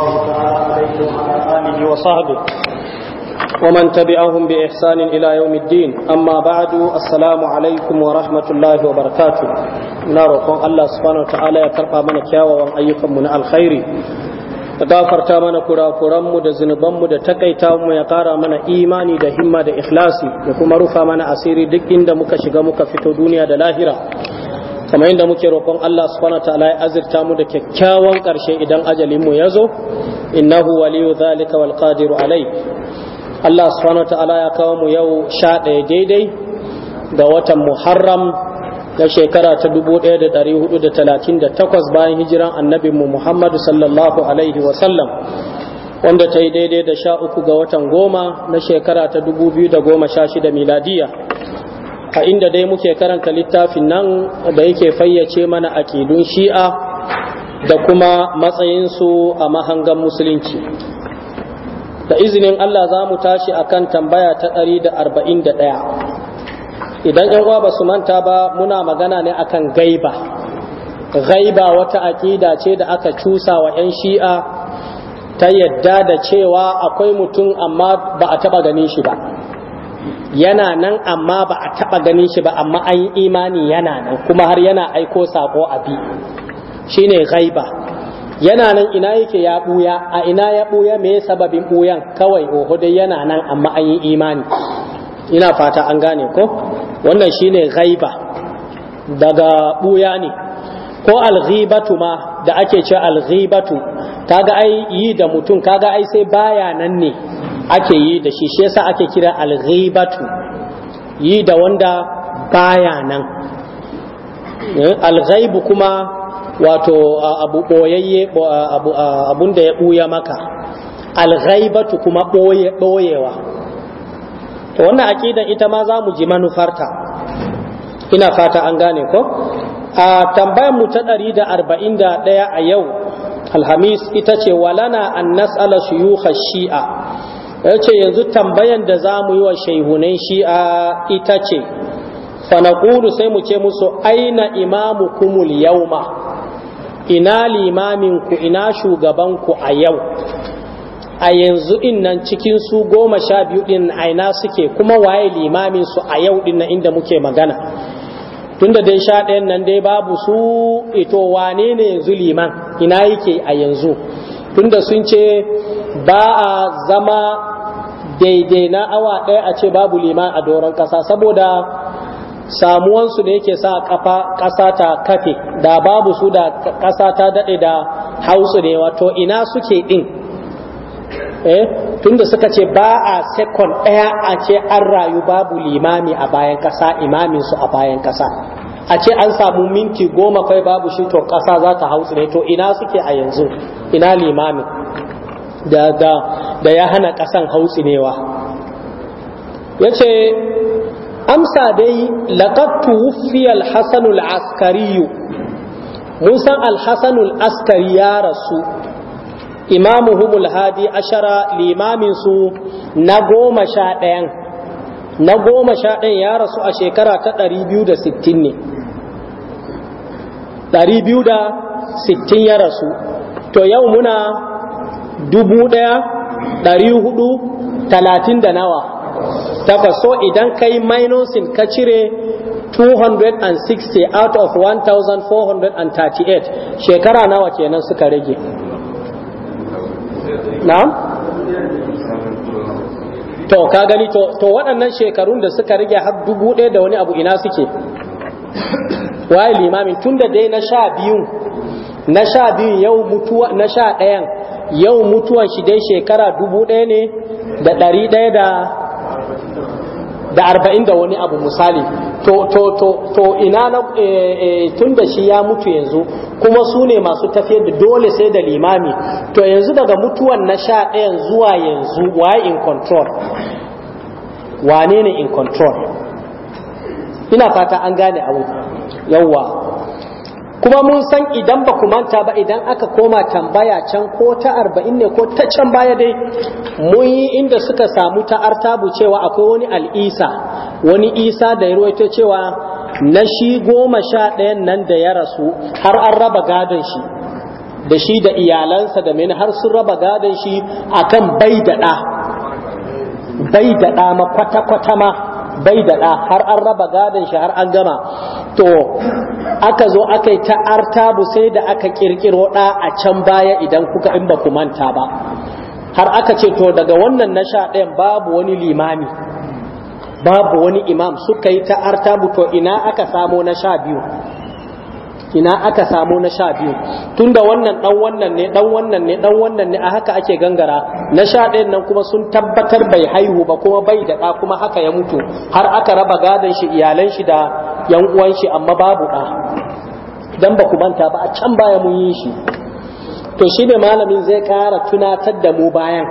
الله تعالى عليه وعلى آله وصحبه ومن تبعهم بإحسان إلى يوم الدين أما بعد السلام عليكم ورحمة الله وبركاته نارو الله سبحانه وتعالى يترقى من كياوة وأن أيكم من الخير gafarta mana kurakuranmu da zunubanmu da takaita mu ya kara mana imani da himma da ikhlasi da kuma rufa mana asiri duk inda muka shiga muka fito duniya da lahira kamar yadda muke roƙon Allah subhanahu wa ta'ala ya azirta mu da kyakkyawan ƙarshe idan ajalin mu ya zo innahu waliyu zalika wal qadiru alai Allah subhanahu wa ta'ala ya kawo mu yau sha ɗaya daidai ga watan Muharram na shekara ta 1438 bayan hijiran annabinmu Muhammadu sallallahu Alaihi wanda ta yi daidai da sha uku ga watan goma na shekara ta 2016 miladiya a inda dai muke karanta littafin nan da yake fayyace mana akidun shi'a da kuma matsayinsu a mahangan musulunci da izinin Allah za mu tashi akan tambaya ta 141 idan yan uwa ba su manta ba muna magana ne akan gaiba gaiba wata aƙida ce da aka cusa wa 'yan shi'a ta yadda da cewa akwai mutum amma ba a taɓa ganin shi ba yana nan amma ba a taɓa ganin shi ba amma an yi imani yana nan kuma har yana aiko sako a bi shine ghaiba yana nan ina yake ya ɓuya a ina ya ɓuya me sababin ɓuyan kawai oho dai yana nan amma an yi imani ina fata an gane ko wannan shine ghaiba daga ɓuya ne ko alghibatu ma da ake ce alghibatu kaga ai yi da mutum kaga ai sai baya nan ne ake yi da shi shi yasa ake kira alghibatu yi da wanda baya nan eh, alghaibu kuma wato abu boyayye abun da ya buya maka alghaibatu kuma boyewa to wannan aqidan ita ma za mu ji manufarta ina fata an gane ko a tambayar mu ta 141 a yau alhamis ita ce walana an nas'ala shuyukh shi'a ya ce yanzu tambayan da za mu yi wa shaihunan shi'a ita ce fanakulu sai mu ce musu aina imamu kumul yauma ina limaminku ina shugabanku a yau a yanzu in nan cikin su goma sha biyu din aina suke kuma waye limamin su a yau din inda muke magana tunda dai sha ɗayan nan dai babu su ito wane ne yanzu liman ina yake a yanzu tunda sun ce ba a zama daidai na awa ɗaya a ce babu liman a doron ƙasa saboda samuwansu ne yake sa kafa ƙasa ta kafe da babu su da ƙasa ta daɗe da hausu ne wato ina suke ɗin eh, tunda suka ce ba a sekon ɗaya a ce an rayu babu limami a bayan ƙasa imaminsu a bayan ƙasa a ce an samu minti goma kai babu shi to ƙasa za ta hausu ne to ina suke a yanzu ina limamin da ya hana ƙasan hautsinewa ya ce amsa dai laƙattu wufiyar hassanul askariyu san alhassanul askari ya rasu imamuhumul hadi ashara limaminsu na goma sha ɗayan na goma sha ya rasu a shekara ta 260 ne 260 ya rasu to yau muna dubu ɗaya ɗari hudu talatin da nawa tafaso so idan yi minusin ka cire 260 out of 1438 shekara nawa kenan suka rage na? to ka gani to, to waɗannan shekarun da suka rage har dubu ɗaya da wani abu ina suke waye limamin tun da dai na sha biyun na sha biyun yau mutuwa na sha ɗayan yau mutuwan shi dai shekara dubu ɗaya ne da ɗari ɗaya da da arba'in da wani abu misali to to ina na e, tun da shi ya mutu yanzu kuma su ne masu tafiyar da dole sai da limami to yanzu daga mutuwan na sha ɗayan zuwa yanzu waye in control wane ne in control ina fata an gane abu yawwa kuma mun san idan ba ku manta ba idan aka koma tambaya can ko ta arba'in ne ko ta can baya dai mun yi inda suka samu ta artabu cewa akwai wani al'isa wani isa da ya ruwaito cewa na shi goma sha ɗayan nan da ya rasu har an raba gadon shi da shi da iyalansa da mene har sun raba gadon shi akan bai da ɗa bai da ɗa ma kwata-kwata ma bai da ɗa har an raba gadon shi har an gama to aka zo aka yi ta artabu sai da aka kirkiro ɗa a can baya idan kuka in ba ku manta ba har aka ce to daga wannan na sha ɗayan babu wani limami babu wani imam suka yi ta artabu to ina aka samo na sha biyu ina aka samu na sha biyu tunda wannan dan wannan ne dan wannan ne dan wannan ne a haka ake gangara na sha ɗayan nan kuma sun tabbatar bai haihu ba kuma bai da ɗa kuma haka ya mutu har aka raba gadon shi iyalan shi da yan uwan shi amma babu ɗa dan ba ku manta ba a can baya mun yi shi to shi ne malamin zai ƙara tunatar da mu bayan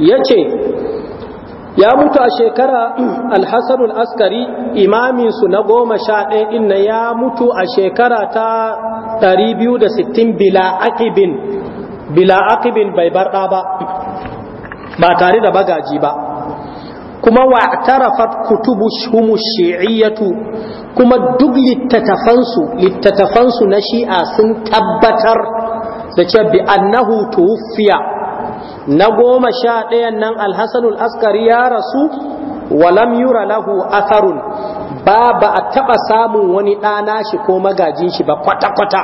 yace ya mutu a shekara alhassanul askari imaminsu na goma sha ɗaya inna ya mutu a shekara ta 260 bila aqibin bila aqibin bai barɗa ba ba tare da bagaji ba kuma wa tarafat kutubu humu shi'iyyatu kuma duk littattafansu littattafansu na shi'a sun tabbatar da cewa bi annahu tuwfiya na goma sha ɗayan nan alhassanul askari ya rasu walam yura lahu atharun ba ba a taɓa samun wani ɗana shi ko magajin shi ba kwata-kwata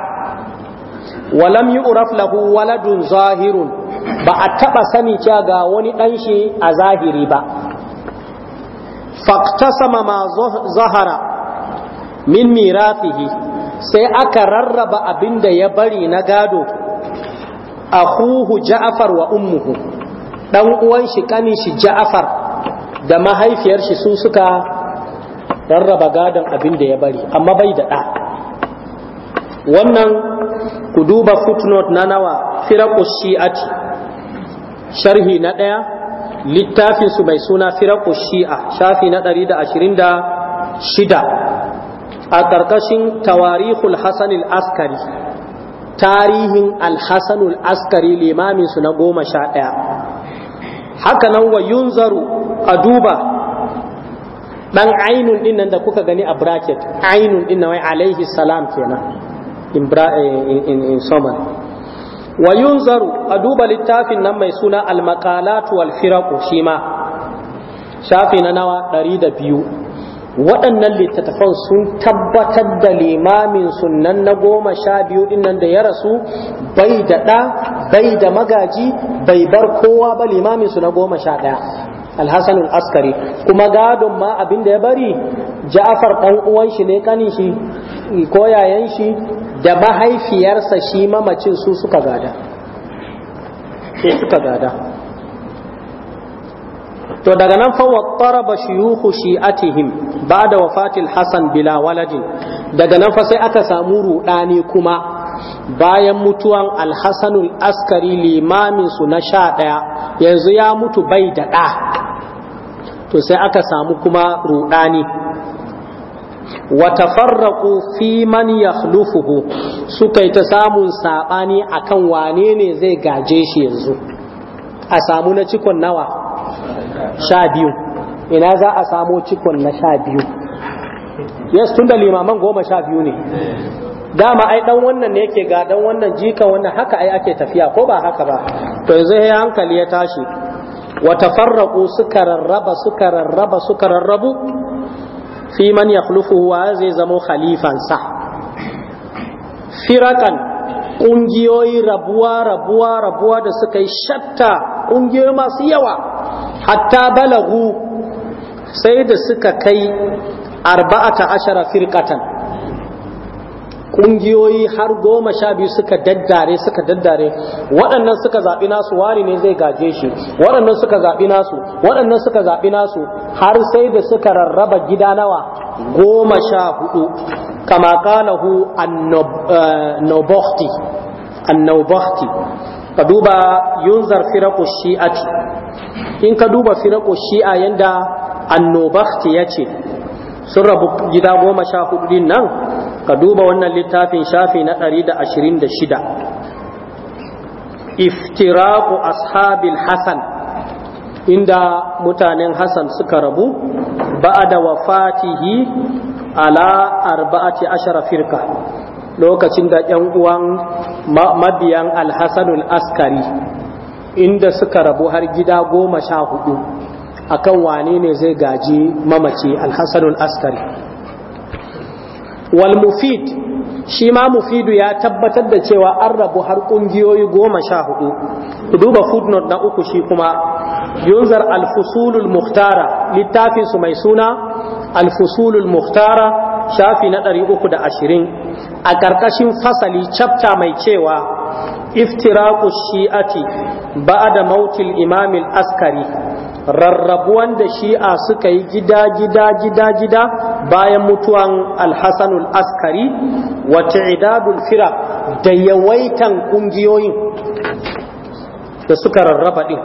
walam yi uraf lahu waladun zahirun ba a taɓa sani cewa ga wani ɗanshi a zahiri ba Fakta sama ma zahara min mirafihi sai aka rarraba abin da ya bari na gado akuhu ja'far wa ummuhu dan uwan shi kanin shi ja'far da mahaifiyar shi su suka rarraba gadon abin da ya bari amma bai da ɗa wannan ku duba footnote na nawa firaku shi'ati sharhi na ɗaya littafin su mai suna firaku shi'a shafi na da da shida a ƙarƙashin tawarihul hasan al-askari tarihin alhassanul askari limamin su na goma sha ɗaya hakanan wa yunzaru a duba ɗan ainun ɗin nan da kuka gani a bracket ainun ɗin wai alaihi salam kenan in, eh, in, wa yunzaru a duba littafin nan mai suna al-maqalatu wal firaqu shi ma shafi na nawa da biyu. waɗannan littattafan sun tabbatar da limamin sunan na goma sha biyu dinnan da ya rasu bai da ɗa bai da magaji bai bar kowa ba limamin su na goma sha ɗaya alhassan askari kuma gadon ma abin da ya bari ja'afar ɗan uwan shi ne kanin shi ko yayan shi da mahaifiyarsa shi mamacin su suka gada suka gada to daga nan fa wattaraba shuyukhu shi'atihim ba'da wafatil hasan bila waladin daga nan fa sai aka samu rudani kuma bayan mutuwan alhasanul askari limamin su na sha ɗaya yanzu ya mutu bai da ɗa to sai aka samu kuma rudani Wata fi man yakhlufuhu suka ita samun saɓani akan wane ne zai gaje shi yanzu a samu na cikon nawa sha biyu ina za a samo cikon na sha biyu yes tun da limaman goma sha biyu ne dama ai dan wannan ne yake ga dan wannan jika wannan haka ai ake tafiya ko ba haka ba to yanzu ya hankali ya tashi wa tafarraqu suka rarraba suka rarraba suka rarrabu fi man yakhlufu wa zai zamo khalifan sa firakan ƙungiyoyi rabuwa rabuwa rabuwa da suka yi shatta ƙungiyoyi masu yawa hatta balagu sai da suka kai arba'ata ashara firkatan ƙungiyoyi har goma sha biyu suka daddare suka daddare waɗannan suka zaɓi nasu wari ne zai gaje shi waɗannan suka zaɓi nasu waɗannan suka zaɓi nasu har sai da suka rarraba gida nawa goma sha hudu kama qalahu an-nawakhti an ka duba yunzar firaqu shi'ati in ka duba firaqu shi'a yanda an ya ce sun rabu gida goma sha hudu nan ka duba wannan littafin shafi na da da ashirin 126 iftiraqu ashabil hasan inda mutanen Hassan suka rabu ba'ada wafatihi ala arba'ati ashara firka lokacin da yan uwan mabiyan alhassanul askari inda suka rabu har gida goma sha hudu akan wane ne zai gaji mamaci alhassanul askari wal mufid shi ma mufidu ya tabbatar da cewa an rabu har kungiyoyi goma sha hudu ku duba footnote na uku shi kuma yunzar alfusulul muhtara littafin su mai suna alfusulul muhtara shafi na ɗari uku da ashirin a ƙarƙashin fasali capta mai cewa iftiraku shi'ati ba'a da mautil imamil askari rarrabuwan da shi'a suka yi gida gida gida gida bayan mutuwan alhassanul askari wata idadul fira da yawaitan ƙungiyoyin da suka rarraba ɗin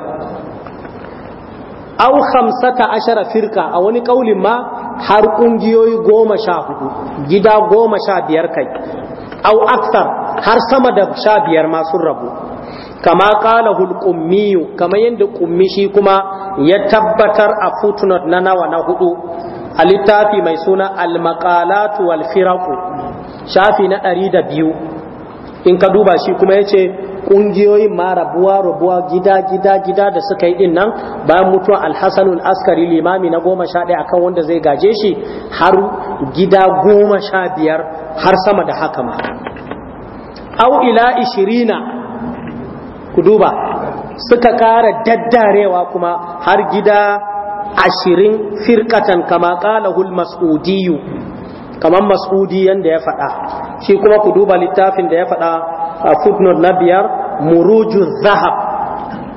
au hamsata ashara firka a wani ƙaulin ma har ƙungiyoyi goma sha hudu gida goma sha biyar kai au aksar har sama da sha biyar masu rabu kama kala hulƙummiyu kama yadda ƙummi shi kuma ya tabbatar a footnote na nawa na hudu a littafi mai suna almakalatu wal firaku shafi na ɗari da biyu in ka duba shi kuma ya ce kungiyoyi ma rabuwa rabuwa gida gida gida da suka yi din nan bayan mutuwa alhassanul askari limami na goma sha ɗaya akan wanda zai gaje shi har gida goma sha biyar har sama da haka ma au ila ishirina ku duba suka kara daddarewa kuma har gida ashirin firkatan kama ƙalahul mas'udiyu kamar mas'udi yanda ya faɗa shi kuma ku duba littafin da ya faɗa A footnote na biyar muruju zahab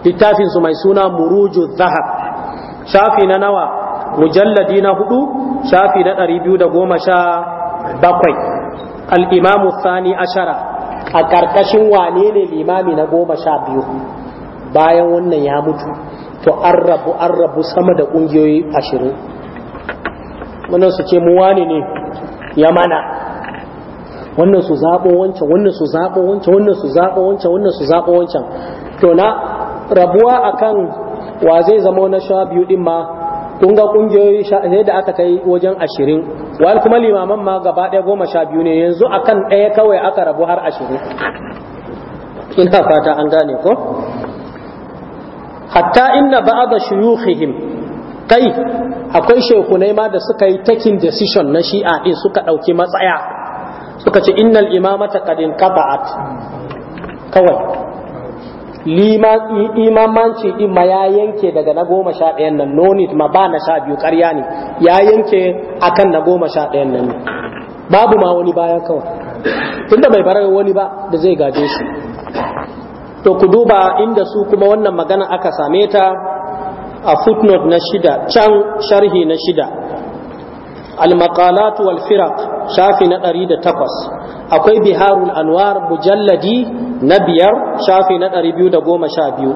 littafin su mai suna muruju zahab shafi na nawa mujalladi na hudu shafi na ɗari biyu da goma sha bakwai al'imamu sani ashara a ƙarƙashin wane ne limami na goma sha biyu bayan wannan ya mutu to an rabu an rabu sama da ƙungiyoyi ashirin wannan su ce mu wane ne ya mana wannan su zaɓo wancan wannan su zaɓo wancan wannan su zaɓo wancan wannan su zaɓo wancan to na rabuwa akan wa zai zama na sha biyu din ma kun ga kungiyoyi sai da aka kai wajen ashirin wal kuma limaman ma gaba ɗaya goma sha biyu ne yanzu akan ɗaya kawai aka rabu har ashirin ina fata an gane ko hatta inna ba'da shuyukhihim kai akwai shekunai ma da suka yi taking decision na shi'a din suka ɗauki matsaya suka ce innal imamata kadin qata'at kawai imamanci din ma ya yanke daga na goma sha ɗayan nan Noni ma ba na sha biyu ƙarya ne ya yanke akan na goma sha ɗayan nan ne babu ma wani bayan kawai tunda bai bar wani ba da zai gaje shi to ku duba inda su kuma wannan magana aka same ta a footnote na shida can sharhi na shida المقالات والفرق شافي نقريد تقص أكوي بهار الأنوار مجلدي نبير شافي نقريبيو دقوم شابيو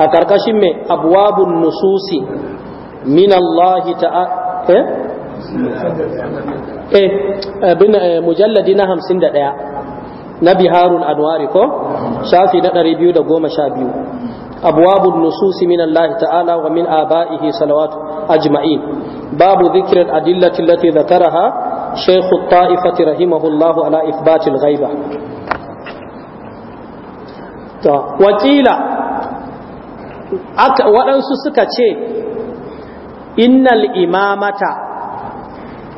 أكركشم أبواب النصوص من الله تعالى إيه؟ إيه بن مجلد نهم سند na biharul anwari ko shafi na ɗari biyu da goma sha biyu abwabun nususi min Allah ta'ala wa min aba'ihi salawatu أجمعين باب ذكر الأدلة التي ذكرها شيخ الطائفة رحمه الله على إثبات الغيبة waɗansu suka ce innal imamata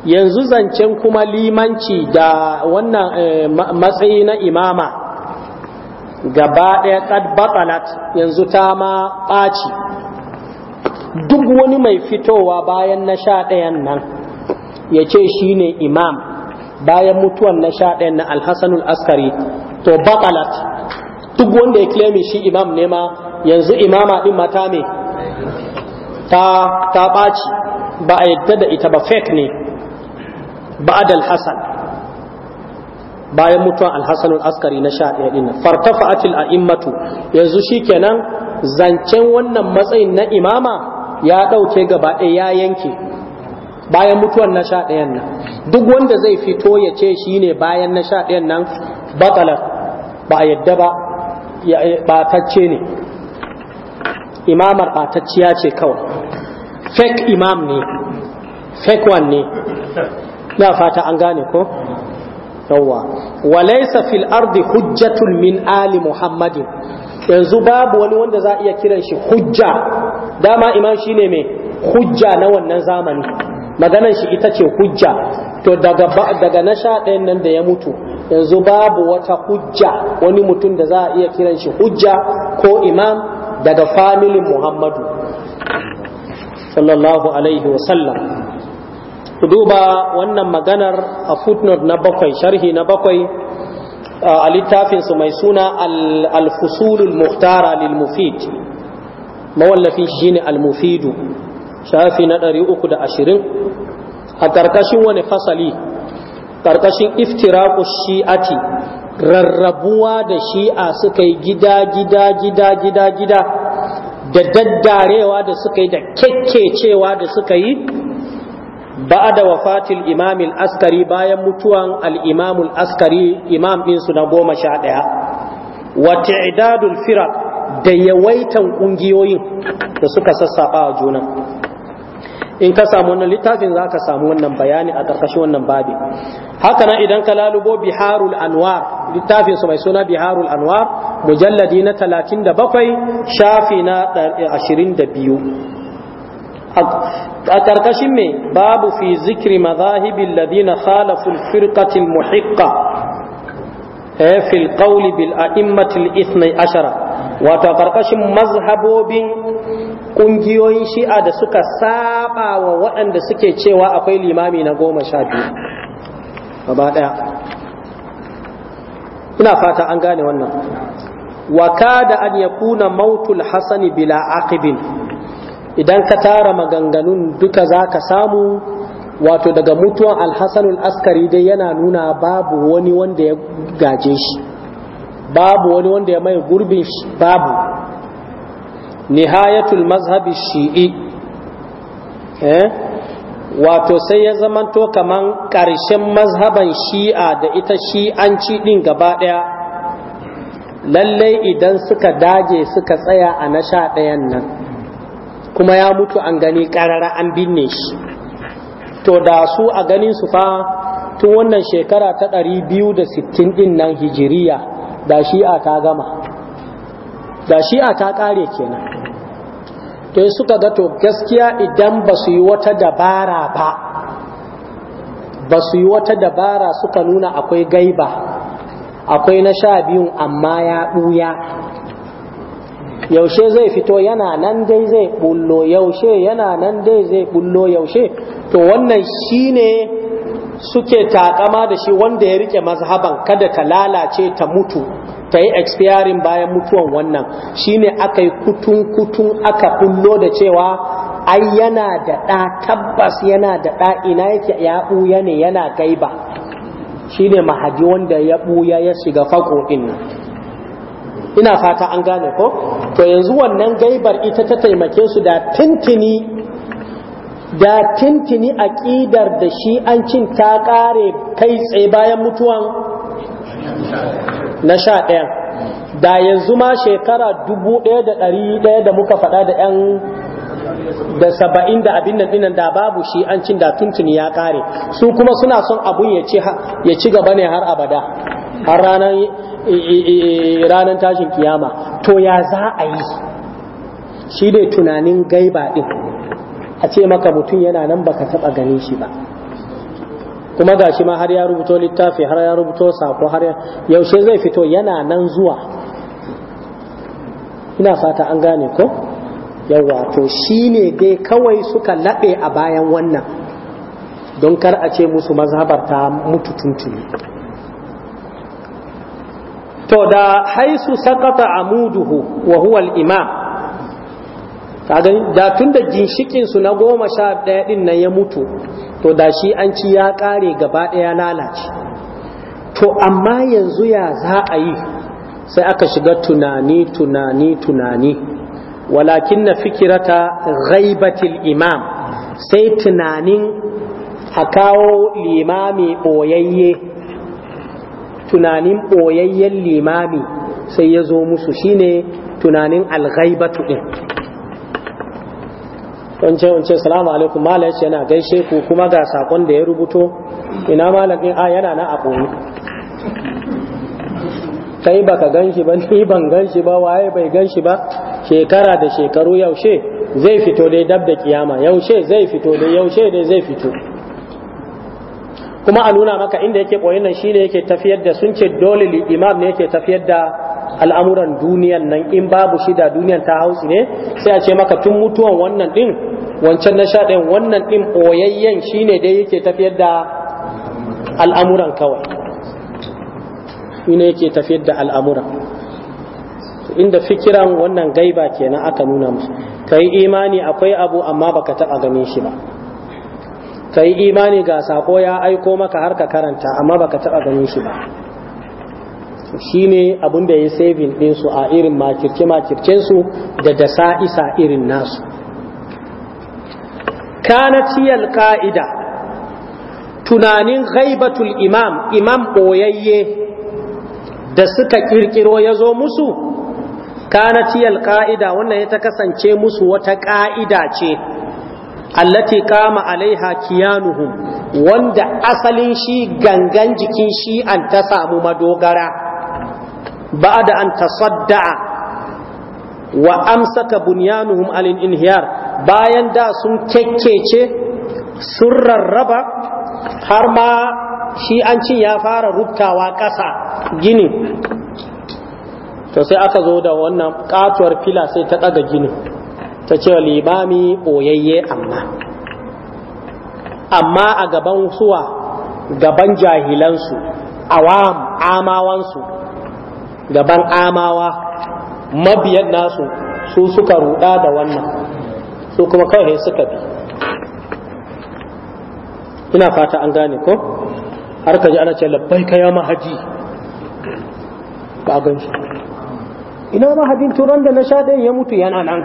yanzu zancen kuma limanci da wannan matsayi na imama gaba ɗaya ƙad yanzu ta ma ɓaci duk wani mai fitowa bayan na sha ɗayan nan ya ce shi ne imam bayan mutuwan na sha ɗayan na alhassanul askari to baƙalat duk wanda ya klemi shi imam ne ma yanzu imama ɗin mata ne ta ɓaci ba a yadda da ita ba fake ne ba adal hasan bayan mutuwan alhassanul askari na sha ɗaya ɗin atil a'immatu yanzu shi kenan zancen wannan matsayin na imama ya ɗauke gaba ɗaya ya yanke bayan mutuwan na sha ɗayan nan duk wanda zai fito ya ce shi ne bayan na sha ɗayan nan batalar ba a yadda ba ɓatacce ne imamar ɓatacciya ce kawai fake imam ne fake one ne na fata an gane ko yawwa walaisa fil ardi hujjatun min ali muhammadin yanzu babu wani wanda za a iya kiran shi hujja dama imam shine mai hujja na wannan zamani maganar shi ita ce hujja to daga daga na sha ɗayan nan da ya mutu yanzu babu wata hujja wani mutum da za a iya kiran shi hujja ko imam daga familin muhammadu sallallahu alaihi wasallam duba wannan maganar a footnote na bakwai sharhi na bakwai a littafinsu mai suna al-fusulul muhtara lil mufid Mawallafi shi ne almufidu shafi na ɗari uku da ashirin a ƙarƙashin wani fasali ƙarƙashin iftiraku shi'ati rarrabuwa da shi'a suka yi gida gida gida gida gida da daddarewa da suka yi da kekkecewa da suka yi ba'a da wafatil imamil askari bayan mutuwan al'imamul askari imam ɗinsu na goma sha ɗaya wa ta'idadul firar da yawaitan ƙungiyoyin da suka sassaɓa a juna in ka samu wannan littafin za ka samu wannan bayani a ƙarƙashin wannan babi haka nan idan ka lalubo biharul anwar littafin su mai suna biharul anwar mujalladi na talatin da bakwai shafi na ashirin da biyu a ƙarƙashin mai babu fi zikri mazahibin ladina khalaful firqatil muhiqqa eh, fil qawli bil a'immatil ithnai ashara wato karkashin mazhabobin ƙungiyoyin shi'a da suka saba wa waɗanda suke cewa akwai limami na goma sha biyu gaba ɗaya ina fata an gane wannan wa da an ya kuna mautul hasani bila aqibin idan ka tara maganganun duka za ka samu wato daga mutuwan alhassanul askari dai yana nuna babu wani wanda ya gaje shi babu wani wanda ya mai gurbin shi babu nihayatul mazhabi shi'i eh? wato sai ya zamanto kaman ƙarshen mazhaban shi'a da ita shi'anci ɗin gaba ɗaya lallai idan suka daje suka tsaya a na sha ɗayan nan kuma ya mutu an gani ƙarara an binne shi to da su a ganin su fa tun wannan shekara ta 260 ɗin nan hijiriya da shi'a ta gama da shi'a ta kare kenan to suka ga to gaskiya idan ba su yi wata dabara ba ba su yi wata dabara suka nuna akwai gaiba akwai na sha biyun amma ya ɓuya yaushe zai fito yana nan dai zai bullo yaushe yana nan dai zai bullo yaushe to wannan shi ne suke takama da shi wanda ya rike mazhaban kada ta lalace ta mutu ta yi expiring bayan mutuwan wannan shine aka yi kutun kutun aka kullo da cewa ai yana da ɗa tabbas yana da ɗa ina yake ya ɓuya ne yana gaiba shine mahadi wanda ya ɓuya ya shiga fako ɗin ina fata an gane ko to yanzu wannan gaibar ita ta taimake su da tintini da tintini aƙidar da shi an cin ta ƙare kai tsaye bayan mutuwan na sha ɗaya da yanzu ma shekara dubu ɗaya da ɗari ɗaya da muka faɗa da ƴan da saba'in da abin nan da babu shi an cin da tuntuni ya kare su kuma suna son abun ya ci gaba ne har abada har ranar tashin kiyama to ya za a yi shi ne tunanin gaiba ɗin. a ce maka mutum yana nan baka taɓa ganin shi ba kuma ga shi ma har ya rubuto littafi har ya rubuto sako har yaushe zai fito yana nan zuwa ina fata an gane ko yawa to ne dai kawai suka laɓe a bayan wannan don kar a ce musu mazhabar ta mutu tuntuni to da haisu sakata amuduhu wa huwa al-imam kaga da tun da ginshikin su na goma sha ɗaya ɗin nan ya mutu to da shi an ci ya ƙare gaba ɗaya lalace to amma yanzu ya za a yi sai aka shiga tunani tunani tunani walakin na fikirata ghaibatil imam sai tunanin a kawo limami ɓoyayye tunanin ɓoyayyen limami sai ya zo musu shine tunanin alghaibatu ɗin wance wance salamu alaikum malam ce yana gaishe ku kuma ga sakon da ya rubuto ina malamin a yana na a kai baka ganshi ba ni ban ganshi ba waye bai ganshi ba shekara da shekaru yaushe zai fito dai dab da kiyama yaushe zai fito dai yaushe dai zai fito kuma a nuna maka inda yake koyin nan shine yake tafiyar da sun ce dole imam ne yake tafiyar da al'amuran duniyan nan in babu shida duniyan ta hausi ne sai a ce maka tun mutuwan wannan din wancan na sha ɗayan wannan din ɓoyayyen ne dai yake tafiyar da al'amuran kawai Ina yake tafiyar da al'amuran inda fikiran wannan gaiba kenan aka nuna musu ka yi imani akwai abu amma baka taɓa ganin shi ba Ka yi imani ga sako ya aiko maka har ka karanta amma baka taɓa ganin shi ba shine abin da ya saving a irin makirce makircen su da sa'isa irin nasu kanat ka'ida tunanin ghaibatul imam imam ɓoyayye da suka kirkiro ya zo musu kanat ka'ida wannan ya ta kasance musu wata ka'ida ce allati kama alaiha kiyanuhum wanda asalin shi gangan jikin shi an ta samu madogara ba'da an tasadda'a wa amsaka bunyanuhum alin inhiyar bayan da sun kekkece sun rarraba har ma shi an cin ya fara rubtawa ƙasa gini to sai aka zo da wannan katuwar fila sai ta ɗaga gini ta ce wa limami ɓoyayye amma amma a gaban suwa gaban jahilansu awam amawansu gaban amawa mabiyan nasu su suka ruda da wannan su kuma kawai suka bi ina fata an gane ko har ka ji ana ce labbai ka ya mahaji ba a ganshi ina mahajin turan da na sha ɗaya ya mutu yana nan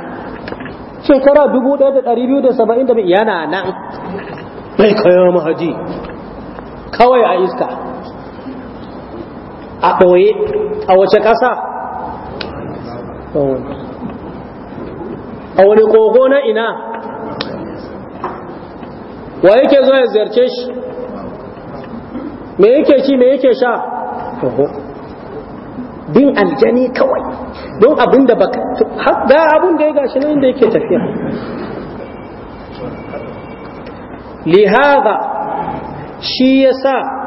shekara 1270 yana nan bai ka ya mahaji kawai a iska a ɓoye a wace ƙasa a wani kogo na ina wa yake zo ya ziyarce shi me yake ci me yake sha bin aljani kawai don abin da baka ga abin da ya gashi nan da yake tafiya Lihada shi ya sa.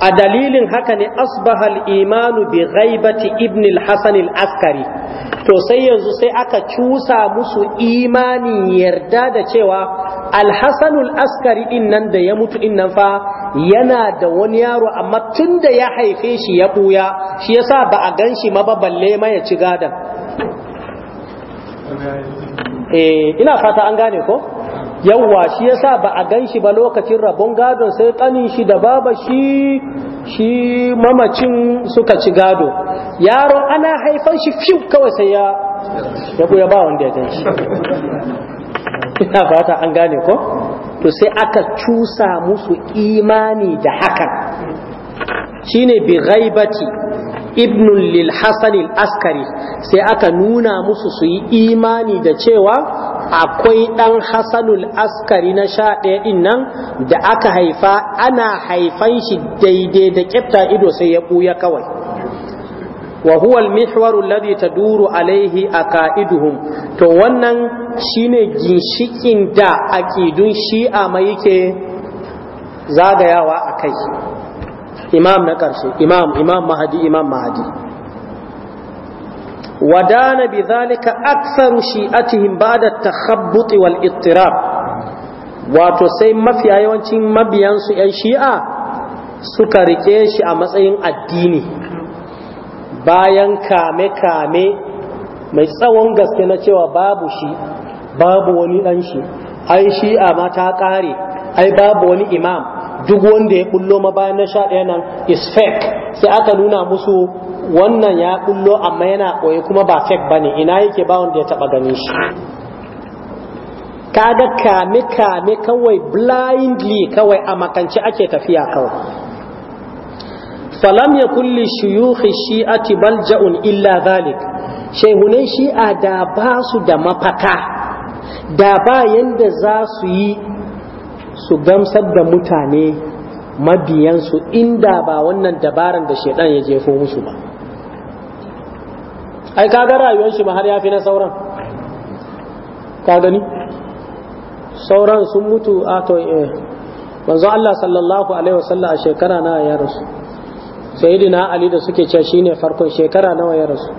a dalilin haka ne asbahal imanu bi ghaibati ibn al-hasan al-askari to sai yanzu sai aka cusa musu imani yarda da cewa al-hasan al-askari din nan da ya mutu din nan fa yana da wani yaro amma tun da ya haife shi ya buya shi yasa ba a gan shi balle ma ya ci gadan eh ina fata an gane ko yawwa shi yasa ba a gan shi ba lokacin rabon gadon sai kanin shi da baba shi shi mamacin suka ci gado yaron ana haifan shi fiw kawai sai ya ya ba wanda ya gan ina fata an gane ko to sai aka cusa musu imani da hakan shine bi ghaibati ibnul lil hasan askari sai aka nuna musu su yi imani da cewa akwai dan Hassanul askari na sha ɗaya ɗin nan da aka haifa ana haifan shi daidai da kyafta ido sai ya ɓuya kawai wa huwa al duru alladhi taduru alaihi aqaiduhum to wannan shine ginshikin da aqidun shi'a mai yake zagayawa akai imam na karshe imam imam mahadi imam mahadi wadana bi zalika aktsaru shi'atihim ba'da takhabbut wal ittirab wato sai mafiya yawancin su yan shi'a suka rike shi a matsayin addini bayan kame-kame mai tsawon gaske na cewa babu shi babu wani dan shi ai shi'a ma ta kare ai babu wani imam duk wanda ya bullo ma bayan na sha ɗaya nan is fake sai aka nuna musu wannan ya bullo amma yana koyi kuma ba fake bane ina yake ba wanda ya taba gani shi kaga kame kame kawai blindly kawai a makance ake tafiya kawai falam ya kulli shuyukhi shi'ati balja'un illa zalik shehunai shi'a da ba su da mafaka da ba yanda za su yi su gamsar da mutane mabiyansu inda ba wannan dabaran da shaidan ya jefo musu ba ai kaga rayuwar shi ma har ya fi na sauran ka gani sauran sun mutu a to eh manzo Allah sallallahu alaihi wasallam a shekara na ya rasu sayyidina Ali da suke cewa shine farkon shekara nawa ya rasu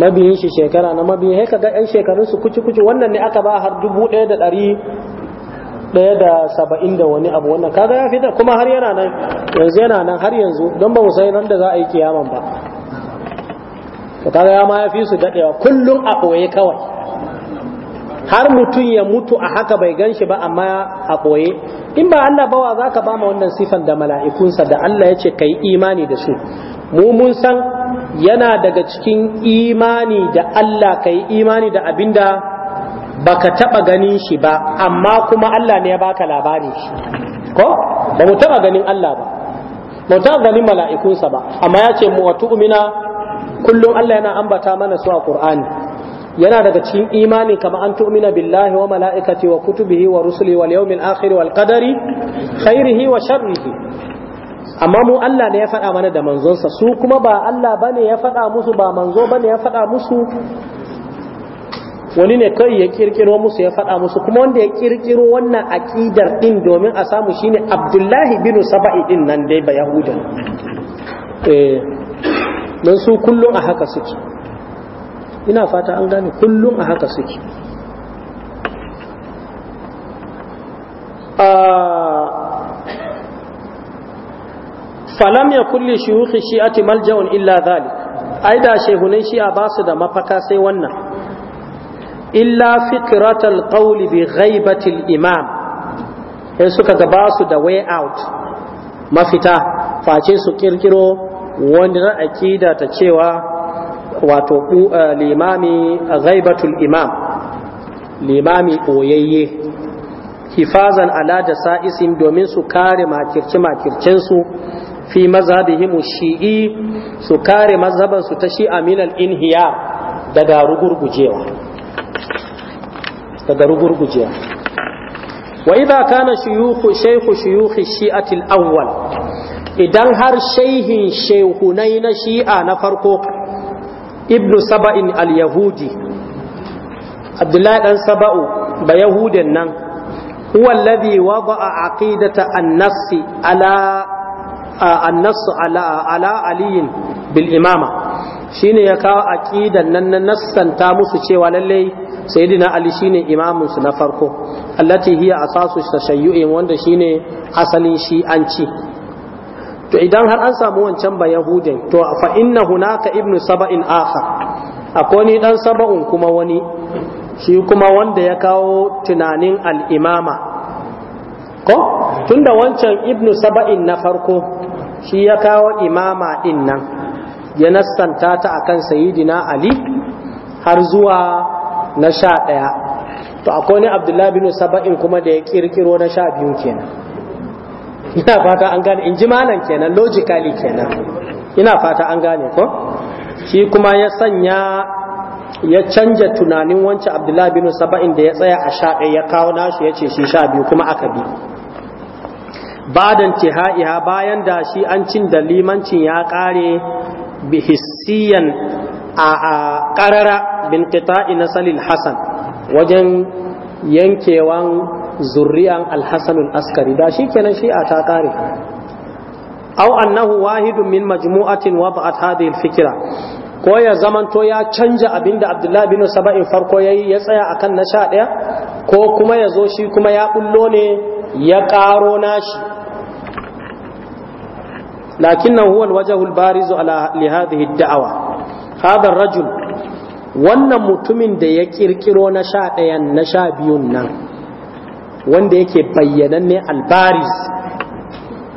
mabiyin shi shekara na mabiyin sai ga yan shekarun su kuci kuci wannan ne aka ba har dubu ɗaya da ɗari ɗaya da saba'in da wani abu wannan kaga ya fita kuma har yana nan yanzu yana nan har yanzu don ba mu sai nan da za a yi kiyaman ba to kaga ya ma ya fi su daɗewa kullum a ɓoye kawai har mutum ya mutu a haka bai gan shi ba amma a ɓoye in ba Allah bawa za ka ba wannan sifan da mala'ikunsa da Allah ya ce ka yi imani da su mu mun san yana daga cikin imani da Allah ka yi imani da abinda baka taba ganin shi ba amma kuma Allah ne ya baka labarin shi ko ba mu taba ganin Allah ba mu taba ganin mala'ikunsa ba amma ya ce mu wa kullum Allah yana ambata mana su a Qur'ani yana daga cikin imani kama an tu'mina billahi wa mala'ikati wa kutubihi wa rusuli wal yawmil akhir wal qadari khairihi wa sharrihi amma mu Allah ne ya faɗa mana da manzonsa su kuma ba Allah bane ya faɗa musu ba manzo bane ya faɗa musu wani ne kai ya kirkiro musu ya faɗa musu kuma wanda ya kirkiro wannan aƙidar ɗin domin a samu shine abdullahi bin saba'i ɗin nan dai ba yahuda eh, don su kullum a haka suke ina fata an gane kullum a haka suke ah, falam ya kulle shuyukh shi'ati malja'un illa zalik ai da shehunan shi'a ba su da mafaka sai wannan illa fikratal qawli bi ghaibatil imam sai suka gaba su da way out mafita face su kirkiro wani akida ta cewa wato eh, limami ghaibatul imam limami koyayye hifazan ala da saisin domin su kare makirce su fi maza da himu shi'i su kare mazhabansu ta shi'a minal inhiya daga rugurgujewa daga rugurgujiya wa idha kana shuyukhu shaykhu shuyukhi shi'ati al-awwal idan har shaihin shehunai na shi'a na farko ibn saba'in al-yahudi abdullahi dan saba'u ba yahudin nan huwa alladhi wada'a aqidata an-nass ala an ala ala aliyin bil imama shine ya kawo aqidan nan na nassanta musu cewa lalle sayyidina ali shine imamun su na farko allati hiya asasu tashayyu'in wanda shine asalin shi'anci to idan har an samu wancan ba yahudin to fa inna hunaka ibnu saba'in akhar akwai dan saba'un kuma wani shi kuma wanda ya kawo tunanin al al'imama ko tunda wancan ibnu saba'in na farko shi ya kawo imama din nan ya nassanta ta kan sayidina ali har zuwa na sha ɗaya to akwai ni abdullahi bin saba'in kuma da ya kirkiro na sha biyu kenan ina fata an gane in ji malam kenan logically kenan ina fata an gane ko shi kuma ya sanya ya canja tunanin wancan abdullahi bin saba'in da ya tsaya a sha ɗaya ya kawo nashi ya ce shi sha biyu kuma aka bi badan tihaiha bayan da shi an cin da limancin ya ƙare Bihisiyan a ƙarara bin qita'i hassan wajen yankewan zurriyan alhassanul askari da shi kenan shi a ta ƙare au annahu wahidun min majmu'atin wada'at hadhihi alfikra ko ya zamanto ya canja abinda abdullahi bin saba'in farko yayi ya tsaya akan na sha ɗaya ko kuma ya zo shi kuma ya bullo ne ya ƙaro nashi Lakin nan alwajhu albariz ala li hadhihi ad-da'wa wannan mutumin da ya kirkiro na sha ɗayan na sha biyun nan wanda yake bayyananne albaris,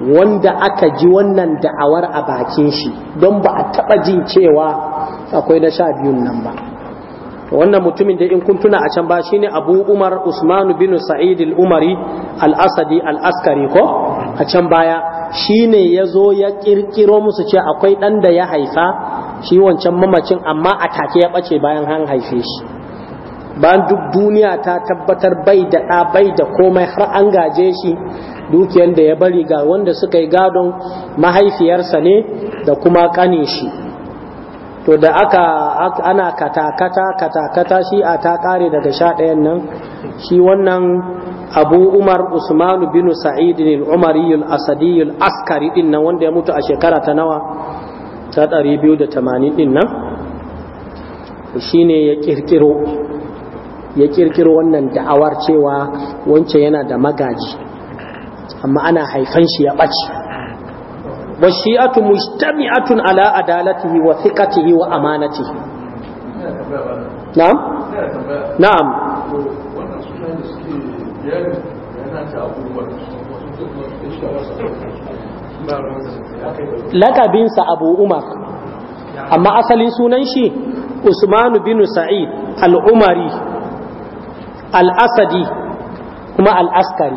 wanda aka ji wannan da'awar a bakin shi don ba a taɓa jin cewa akwai na sha biyun nan ba wannan mutumin da in kun tuna a can ba shine Abu Umar usmanu bin Sa'id al-Umari al-Asadi al-Askari ko a can baya shine yazo ya kirkiro musu ce akwai dan da ya haifa shi wancan mamacin amma a take ya bace bayan han haife shi bayan duk duniya ta tabbatar bai da ɗa bai da komai har an gaje shi dukiyar da ya bari ga wanda suka yi gadon mahaifiyarsa ne da kuma kane shi to da aka ana katakata katakata shi a ta kare daga sha ɗayan nan shi wannan abu umar usmanu bin sa'idin al-umari al askari din nan wanda ya mutu a shekara ta nawa ta 280 din nan shine ya kirkiro ya kirkiro wannan da'awar cewa wancan yana da magaji amma ana haifan shi ya ɓace wa shi'atu mujtami'atun ala adalatihi wa thiqatihi wa amanatihi na'am na'am lakabinsa abu umar amma asalin sunan shi Usmanu, bin sa'id al-umari al-asadi kuma al-askari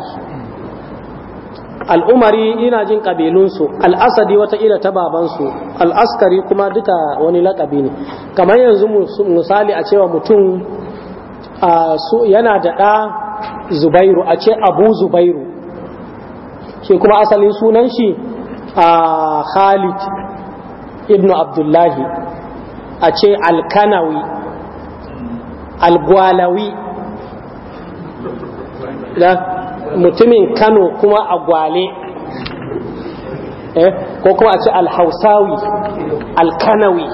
al'umari ina jin ƙabilunsu al'asadi wataƙila ta babansu al'askari kuma duka wani laƙabi ne kamar yanzu misali a cewa mutum yana da ɗa zubairu a ce abu zubairu shi kuma asalin sunan shi a khalid ibn abdullahi a ce alkanawi algwalawi mutumin kano kuma a gwale eh, ko kuma a ce alhausawi alkanawi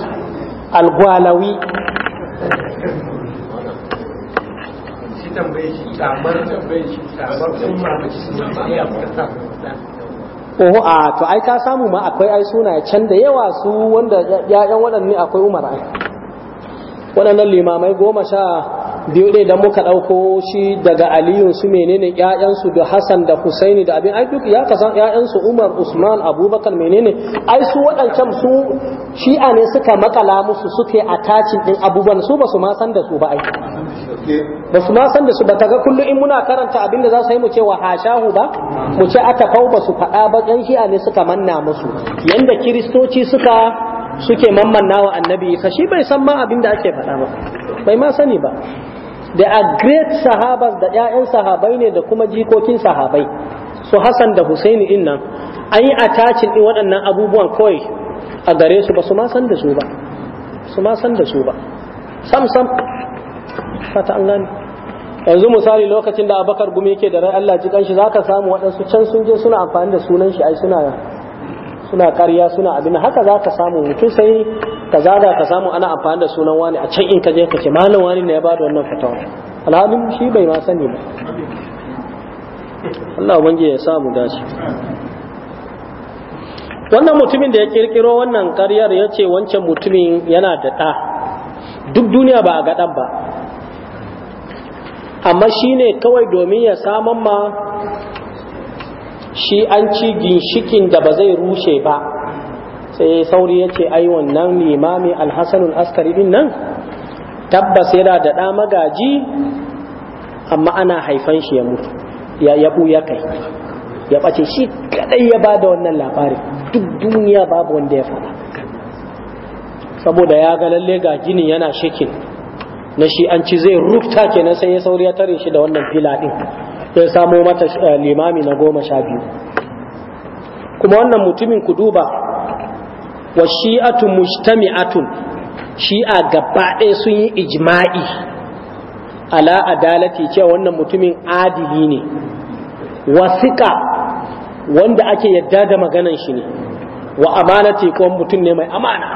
algwalawi Oho a to ai ka samu ma akwai ai suna can da yawa su wanda ya'yan waɗannan akwai umar ai waɗannan limamai goma sha biyu ɗaya da muka ɗauko shi daga aliyun su menene ƴaƴansu da hasan da husaini da abin ai duk ya san ƴaƴansu umar usman abubakar menene ai su waɗancan su shi'a ne suka makala musu suke tacin ɗin abubuwan su ba su ma san da su ba ai ba su ma san da su ba ga kullum in muna karanta abin da za su yi mu ce wa hashahu ba mu ce aka kau ba su faɗa ba ɗan shi'a ne suka manna musu yanda kiristoci suka suke mammanna wa annabi ka shi bai san ma abin da ake faɗa ba bai ma sani ba Da a great sahabas da 'ya'yan sahabai ne da kuma jikokin sahabai su Hassan da Husaini din nan an yi attachin din waɗannan abubuwan kawai a gare su ba su ma san da su ba su ma san da su ba sam sam fata an gane yanzu misali lokacin da abakar gumi yake da rai Allah ji kanshi ka samu waɗansu can sun je suna amfani da sunan shi ai suna suna ƙarya suna abin haka za ka samu mutum sai kaza da ka samu ana amfani da sunan wani a can in ka je ka ce malam wani ne ya bada wannan fatawa alhalin shi bai ma sani ba Allah wange ya mu dace wannan mutumin da ya kirkiro wannan karyar ya ce wancan mutumin yana da ɗa duk duniya ba a ga ba amma shi ne kawai domin ya saman ma shi an ci ginshikin da ba zai rushe ba sai sauri ya ce ai wannan limami alhassanul askari din nan tabbas yana da ɗa magaji amma ana haifan shi ya mutu ya yabu ya kai ya ɓace shi kadai ya bada wannan labari duk duniya babu wanda ya faɗa saboda ya ga lalle ga ginin yana shekin na shi an ci zai rukta kenan sai ya sauri ya tare shi da wannan fila din ya samo mata eh, limami na goma sha biyu kuma wannan mutumin ku duba wa shi'atu mujtami'atun shi'a gaba ɗaya sun yi ijma'i ala adalati cewa wannan mutumin adili ne wasiƙa wanda ake yadda da maganan shi ne wa amanati ko mutum ne mai amana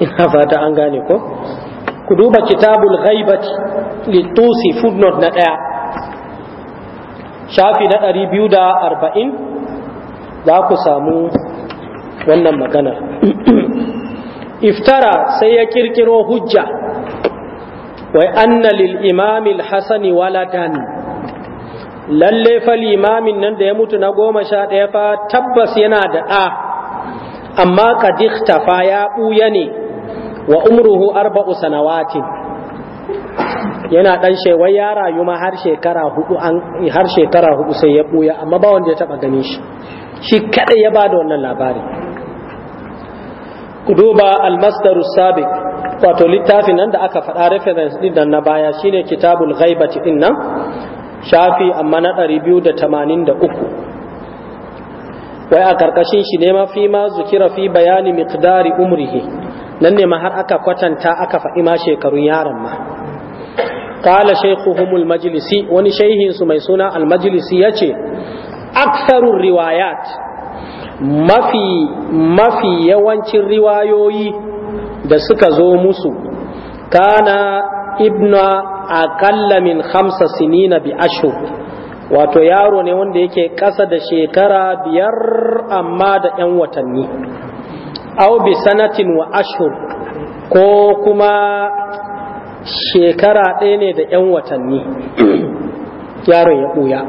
ina fata an gane ko ku duba kitabul ghaibati litusi footnote na ɗaya shafi na ɗari biyu da arba'in za ku samu wannan maganar iftara sai ya kirkiro hujja wai anna lil imamil hasani waladan lalle fa limamin nan da ya mutu na goma sha ɗaya fa tabbas yana da ɗa amma kadikta fa ya ɓuya ne wa umruhu arba'u sanawatin yana ɗan shewai ya rayu ma har shekara hudu sai ya ɓuya amma ba wanda ya taɓa gani shi shi kaɗai ya ba da wannan labari ku duba almasdaru sabiq wato littafin nan da aka faɗa reference din nan na baya shine kitabul ghaibati ɗin nan shafi amma na 283 wai a ƙarƙashin shi ne ma fi ma zukira fi bayani miqdari umrihi nan ne ma har aka kwatanta aka faɗi ma shekarun yaron ma qala shaykhuhum al-majlisi wani shaihinsu mai suna al-majlisi yace aksarun riwayat mafi mafi yawancin riwayoyi da suka zo musu kana ibna akalla min hamsa sinina bi ashur wato yaro ne wanda yake ƙasa da shekara biyar amma da 'yan watanni au bi sanatin wa ashur ko kuma shekara ɗaya ne da 'yan watanni yaron ya ɓuya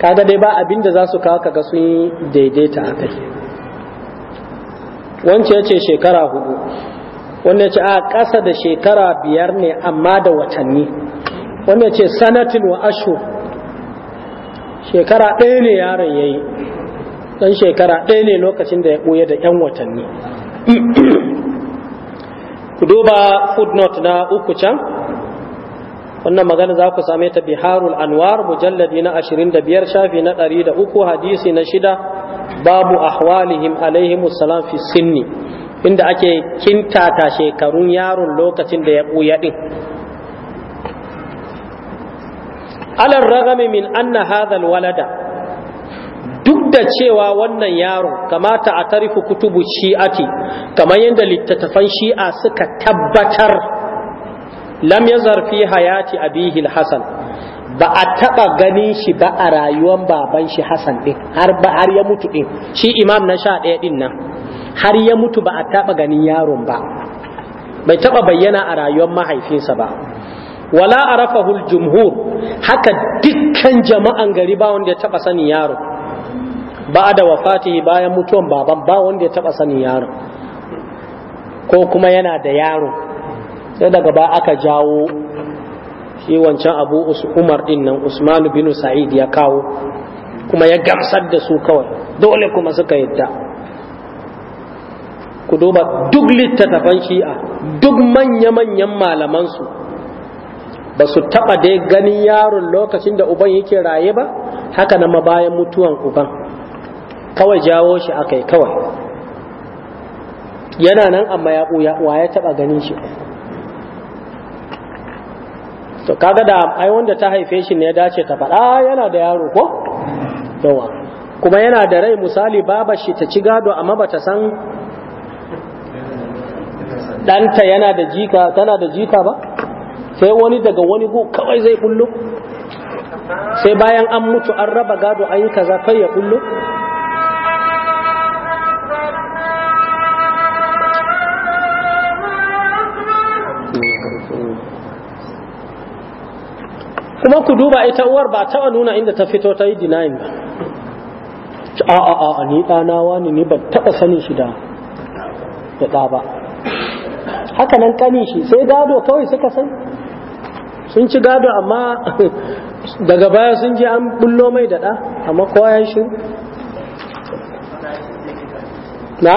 kaga dai ba abin da za su kawo kaga sun yi daidaita a kai wance ce shekara hudu wanda ce a ƙasa da shekara biyar ne amma da watanni wanda ce sanatin wa ashu shekara ɗaya ne yaron ya yi ɗan shekara ɗaya ne lokacin da ya ɓoye da 'yan watanni ku duba footnote na uku can wannan magana za ku same ta biharul anwar mujalladi na ashirin da biyar shafi na uku hadisi na shida babu ahwalihim alaihim salam fi sinni inda ake kintata shekarun yaron lokacin da ya buya din alal ragami min anna hadha walada duk da cewa wannan yaro kamata a tarifu kutubu shi'ati kamar yadda littattafan shi'a suka tabbatar lam yazhar fi hayati abihi al-hasan ba a taba ganin shi ba a rayuwar baban shi hasan din har ba har ya mutu din shi imam na sha ɗaya din nan har ya mutu ba a taba ganin yaron ba bai taba bayyana a rayuwar mahaifinsa ba wala arafahu al-jumhur haka dukkan jama'an gari ba wanda ya taba sanin yaron ba da wafatihi bayan mutuwan baban ba wanda ya taba sanin yaron ko kuma yana da yaro sai daga ba aka jawo shi wancan abu umar din nan usman bin sa'id ya kawo kuma ya gamsar da su kawai dole kuma suka yadda ku duba duk littattafan shi'a duk manya-manyan malamansu ba su taɓa dai ganin yaron lokacin da uban yake raye ba haka na bayan mutuwan uban kawai jawo shi aka yi kawai yana nan amma ya ɓuya ya taɓa ganin shi to kaga da ai wanda ta haife shi ne ya dace ta faɗa ah, yana da yaro ko yawa kuma yana da rai misali babar shi ta ci gado amma ba ta san ɗanta yana da jika tana da jika ba sai wani daga wani go kawai zai kullu sai bayan an mutu an raba gado an yi kaza kai ya kullu kuma ku duba ita uwar ba taɓa nuna inda ta fito ta yi denying ba a a a ni ɗana wani ne ba taɓa sanin shi da da ɗa ba haka nan ƙani shi sai gado kawai suka san sun ci gado amma daga baya sun ji an bullo mai da ɗa amma kowa ya shi na?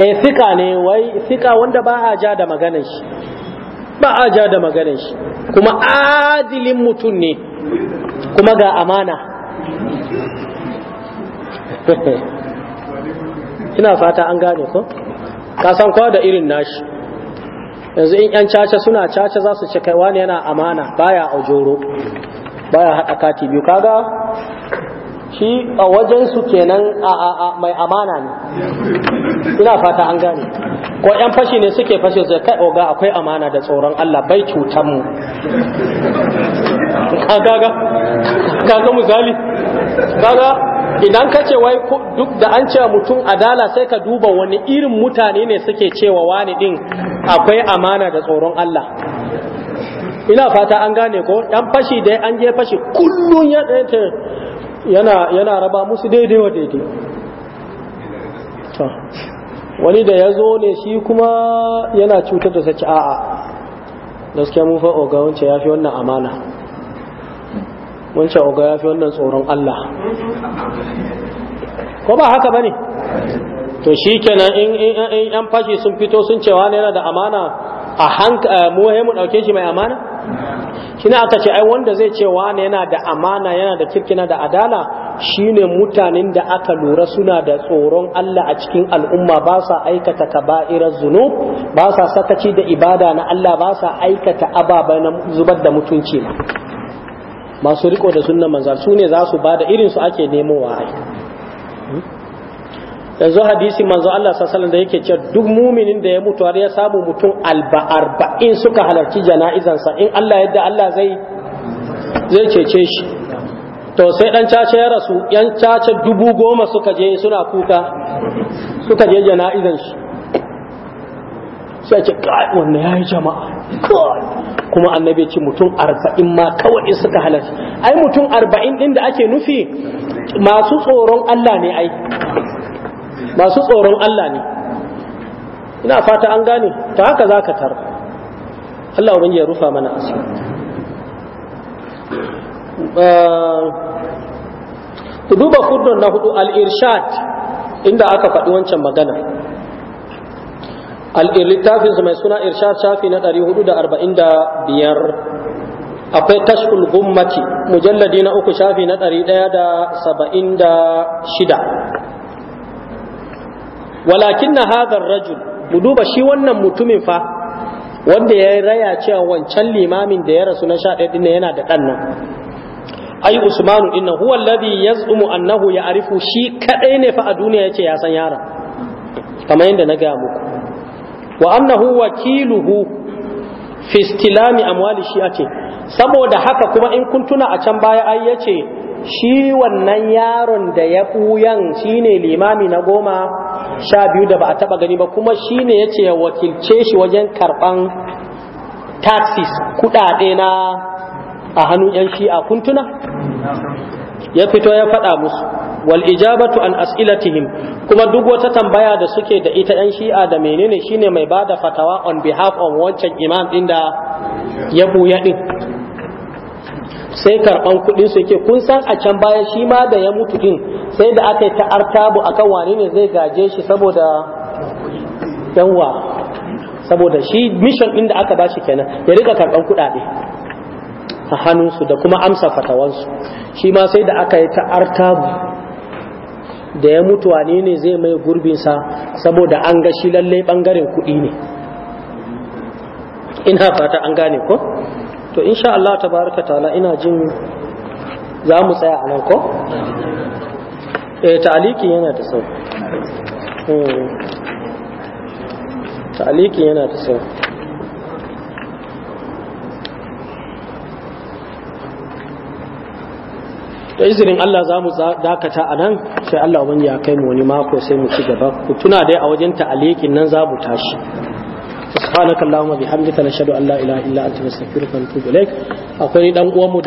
eh fika ne wai fika wanda ba a ja da maganar shi ba a ja da maganar shi kuma adilin mutum ne kuma ga amana ina fata an gane ko ka san kowa da irin nashi yanzu in yan caca suna caca za su ce wani yana amana baya ajoro, baya haɗa kati biyu kaga shi a wajensu kenan a mai amana ne ina fata an gane ko yan fashi ne suke fashe zai kai oga akwai amana da tsoron Allah bai cutar mu kaga kaga misali kaga idan ka ce wai duk da an cewa mutum adala sai ka duba wani irin mutane ne suke cewa wani din akwai amana da tsoron Allah ina fata an gane ko yan fashi dai an je fashi kullun ya yana raba musu daidai wa daidai wani da ya zo ne shi kuma yana cutar da sace a'a gaskiya mun fa oga wancan ya fi wannan amana wancan oga ya fi wannan tsoron Allah ko ba haka ba ne to shi kenan in yan fashi sun fito sun cewa ne yana da amana a hanka eh, mu mu dauke shi mai amana kina aka ce ai wanda zai ce wane yana da amana yana da kirkina da adala shine mutanen da aka lura suna da tsoron Allah a cikin al'umma ba sa aikata kaba'irar zunub ba sa sakaci da ibada na Allah ba sa aikata ababa na zubar da mutunci masu riko da sunnan manzar su ne za su bada irin su ake nemowa ai yanzu hadisi manzo Allah sallallahu da yake cewa duk muminin da ya mutu har ya samu mutum alba arba'in suka halarci jana'izansa in Allah yadda Allah zai zai cece shi to sai dan caca ya rasu yan caca dubu goma suka je suna kuka suka je jana'izan shi sai ce kai wannan yayi jama'a kuma annabi ya ce mutum arba'in ma kawai suka halarci ai mutum arba'in din da ake nufi masu tsoron Allah ne ai masu tsoron Allah ne ina fata an gane ta haka za ka tara Allah wani ya rufa mana asiri eh, duba hudun na hudu al inda aka faɗi wancan magana al su mai suna irshad shafi na 445 akwai tashkul gummati mujalladi na uku shafi na 176 walakin na hadar rajul mu duba shi wannan mutumin fa wanda ya raya cewa wancan limamin da ya rasu na sha ɗaya yana da ɗan nan ai usmanu inna huwa alladhi yaz'umu annahu ya'rifu shi kadai ne fa a duniya yace ya san yaron kamar yadda na ga muku wa annahu wakiluhu fi istilami amwali shi'ati saboda haka kuma in kun tuna a can baya ai yace shi wannan yaron da ya buyan shine limami na goma sha biyu da ba a taɓa gani ba kuma shine yace ya wakilce shi wajen karɓan taxis kuɗaɗe na a hannun yan shi'a kun tuna ya fito ya faɗa musu wal ijabatu an as'ilatihim kuma duk wata tambaya da suke da ita yan shi'a da menene shine mai bada fatawa on behalf of wancan imam din da ya buya din sai karban kuɗin su yake kun san a can baya shi ma da ya mutu din sai da aka yi ta artabu akan wane ne zai gaje shi saboda yawa saboda shi mishan ɗin da aka shi kenan ya rika karban kuɗaɗe a hannunsu da kuma amsa fatawansu shi ma sai da aka yi ta artabu da ya mutu wane ne zai mai gurbinsa saboda an ga shi lallai bangaren kuɗi ne ina fata an gane ko to insha Allah tabaraka ta'ala ina jin za mu tsaya a nan ko eh ta'aliki yana da sau hmm. ta'aliki yana da sau da izinin Allah za mu dakata a nan sai Allah wani ya kai mu wani mako sai mu ci gaba ku tuna dai a wajen ta'alikin nan za mu tashi subhanakallahumma bihamdika nashhadu an la ilaha illa anta nastaghfiruka wa natubu ilaik akwai dan uwan